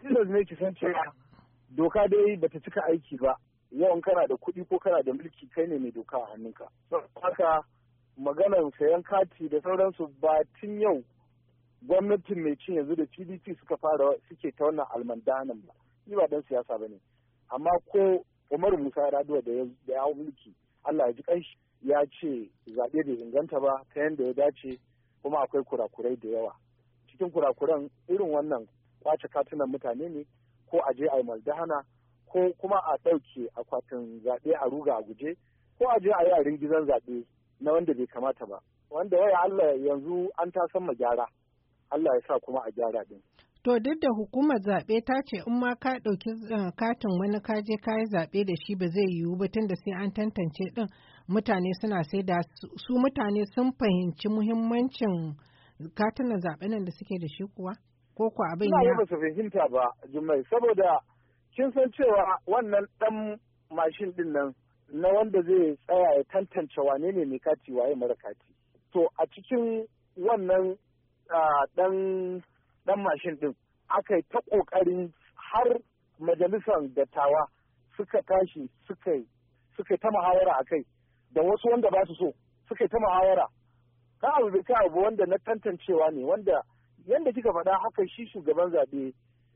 tilas ne ki san cewa doka dai bata cika aiki ba yawan kana da kuɗi ko kana da mulki kai ne mai doka a hannunka haka maganar sayan kati da sauransu ba tun yau gwamnatin mai cin yanzu da pdp suka fara suke ta wannan almandanan ba ni ba dan siyasa ba ne amma ko umaru musa raduwa da ya mulki allah ya ji kanshi ya ce zaɓe bai inganta ba ta yadda ya dace kuma akwai kurakurai da yawa cikin kurakuran irin wannan kwace katunan mutane ne ko a je a yi maldahana ko kuma a ɗauke akwatin zaɓe a ruga a guje ko a je a yi a ringizan zaɓe na wanda bai kamata ba wanda waya Allah yanzu an ta san gyara Allah ya sa kuma a gyara din. To duk da hukumar zaɓe ta ce in ma ka ɗauki eh, katin wani ka je ka yi zaɓe da shi ba zai yiwu ba tunda sai an tantance ɗin mutane suna sai da su mutane sun fahimci muhimmancin katunan zaɓe nan da suke da shi kuwa? ko ko abin ya ba su fahimta ba jummai saboda kin san cewa wannan dan mashin din nan na wanda zai tsaya ya tantance wane ne mai kati waye mara kati to a cikin wannan dan mashin din aka yi ta kokarin har majalisar dattawa suka tashi suka suka ta muhawara a kai da wasu wanda ba su so suka ta muhawara ka abu bai ka abu wanda na tantancewa ne wanda yadda kika faɗa haka shi shugaban zaɓe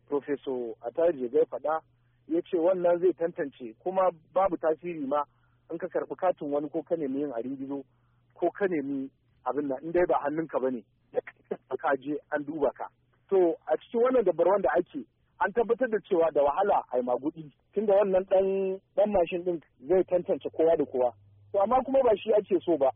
profeso atari gai faɗa ya ce wannan zai tantance kuma babu tasiri ma in ka karɓi katin wani ko ka nemi yin arin gizo ko ka nemi abin nan in dai ba hannunka ba ne ka je an duba ka to a cikin wannan dabarwan wanda ake an tabbatar da cewa da wahala a yi magudi tunda wannan dan mashin din zai tantance kowa da kowa to amma kuma ba shi ake so ba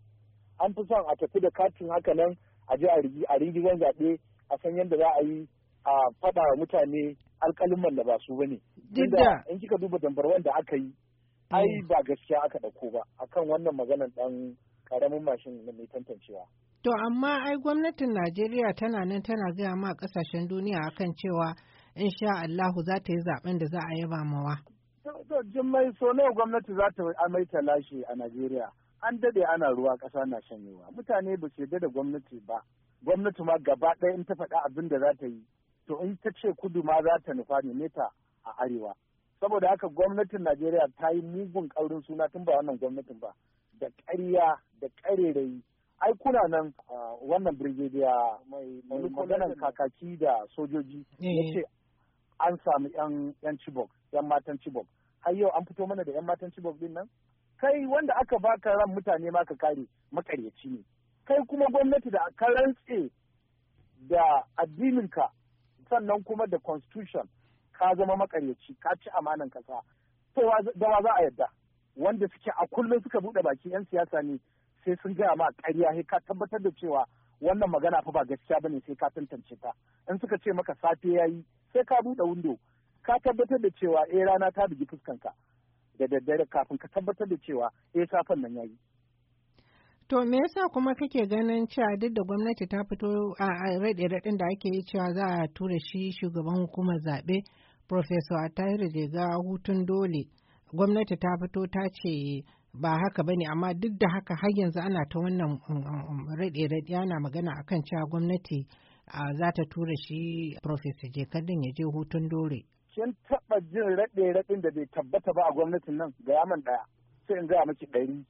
an fi son a tafi da katin haka nan a je a rigi zan zaɓe a san yadda za a yi a faɗa wa mutane alƙalin da ba su bane. Dinda in kika duba dambar wanda aka yi mm. ai ba gaskiya aka ɗauko ba A kan wannan maganar ɗan ƙaramin mashin na mai tantancewa. To amma ai gwamnatin Najeriya tana nan tana gaya ma ƙasashen duniya akan cewa in sha Allahu za ta yi zaben da za a yaba mawa. To mai so nawa gwamnati za ta amaita lashe a Najeriya. An dade ana ruwa ƙasa na shanyewa. Mutane ba su yarda da gwamnati ba. gwamnati ma gaba ɗaya in ta faɗa abin da za ta yi to in ta ce kudu ma za ta nufa ne a arewa saboda haka gwamnatin najeriya ta yi mugun kaurin suna tun ba wannan gwamnatin ba da ƙarya da ƙarerayi ai kuna nan wannan birgediya mai maganan kakaki da sojoji ya eh. ce an samu yan cibok yan matan cibok har yau an fito mana da yan matan cibok din nan kai wanda aka baka ran mutane ma ka kare makaryaci ne kai kuma gwamnati da ka rantse da addininka sannan kuma da constitution ka zama makaryaci ka ci amanan kasa to da wa za a yadda wanda suke a kullum suka bude baki yan siyasa ne sai sun gaya ma ƙarya sai ka tabbatar da cewa wannan magana fa ba gaskiya bane sai ka tantance ta in suka ce maka safe yayi sai ka bude window ka tabbatar da cewa eh rana ta bugi fuskanka da daddare kafin ka tabbatar da cewa eh safen nan yayi To me yasa kuma kake ganin cewa duk da gwamnati ta fito a raɗe-raɗin da ake yi cewa za a tura shi shugaban hukumar zaɓe Professor Atahiru Jega hutun dole gwamnati ta fito ta ce ba haka bane amma duk da haka har yanzu ana ta wannan um, um, um, raɗe-raɗe ana magana akan cewa gwamnati za ta tura shi Profesor Jega din ya je hutun dole. Kin taɓa jin raɗe-raɗin da bai tabbata ba a gwamnatin nan ga yaman ɗaya sai in gaya miki ɗari